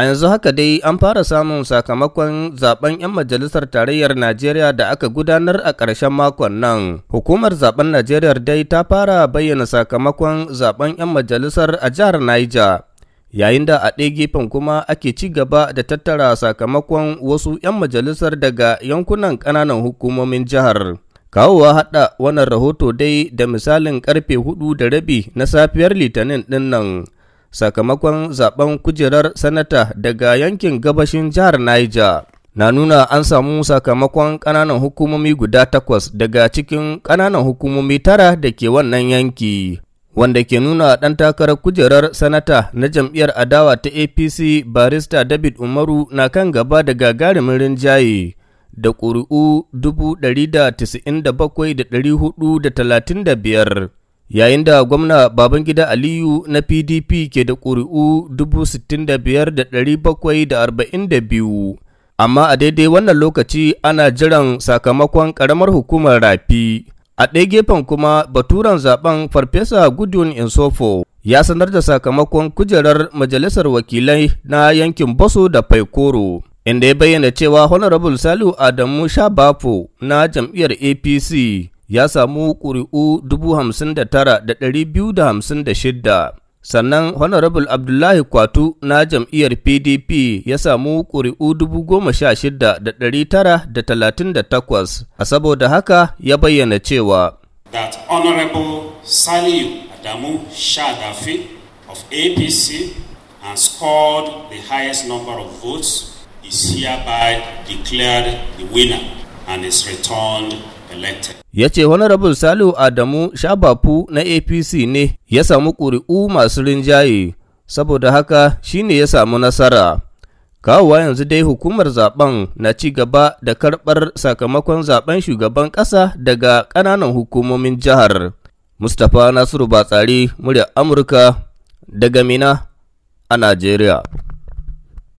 A yanzu haka dai an fara samun sakamakon zaben 'yan majalisar tarayyar Najeriya da aka gudanar a ƙarshen makon nan. Hukumar zaben Najeriya dai ta fara bayyana sakamakon zaben 'yan majalisar a jihar Niger. Yayin da a ɗaya gefen kuma ake ci gaba da tattara sakamakon wasu 'yan majalisar daga yankunan ƙananan hukumomin jihar. Kawowa haɗa wannan rahoto dai da misalin ƙarfe hudu da rabi na safiyar Litinin ɗin nan. sakamakon zaben kujerar sanata daga yankin gabashin jihar Niger. Na nuna an samu sakamakon ƙananan hukumomi guda takwas daga cikin ƙananan hukumomi tara da ke wannan yanki. Wanda ke nuna ɗan takarar kujerar sanata na jam'iyyar adawa ta APC barista David Umaru na kan gaba da gagarumin rinjaye da ƙuri'u biyar. yayin da gwamna Babangida Aliyu na PDP ke da ƙuri'u 65,742, amma a daidai wannan lokaci ana jiran sakamakon ƙaramar hukumar rafi. A ɗaya gefen kuma baturan zaben Farfesa Gudun Insofo ya sanar da sakamakon kujerar Majalisar Wakilai na yankin baso da Faikoro. Inda ya bayyana cewa Honorable salu Adamu Shabafo na jam'iyyar APC ya samu ƙuri'u 59,256, sannan Honorable Abdullahi Kwatu na jam'iyyar PDP ya samu ƙuri'u 16,938, a saboda haka ya bayyana cewa. That Honorable Saliu Adamu Shadafi of APC and scored the highest number of votes is hereby declared the winner. and is returned elected. Ya ce Honorable Salihu Adamu Shabafu na APC ne ya samu ƙuri'u masu rinjaye, saboda haka shi ne ya samu nasara. Kawowa yanzu dai hukumar zaben na ci gaba da karɓar sakamakon zaben shugaban ƙasa daga ƙananan hukumomin jihar. Mustapha Nasiru Batsari, muryar Amurka, daga Mina a Najeriya.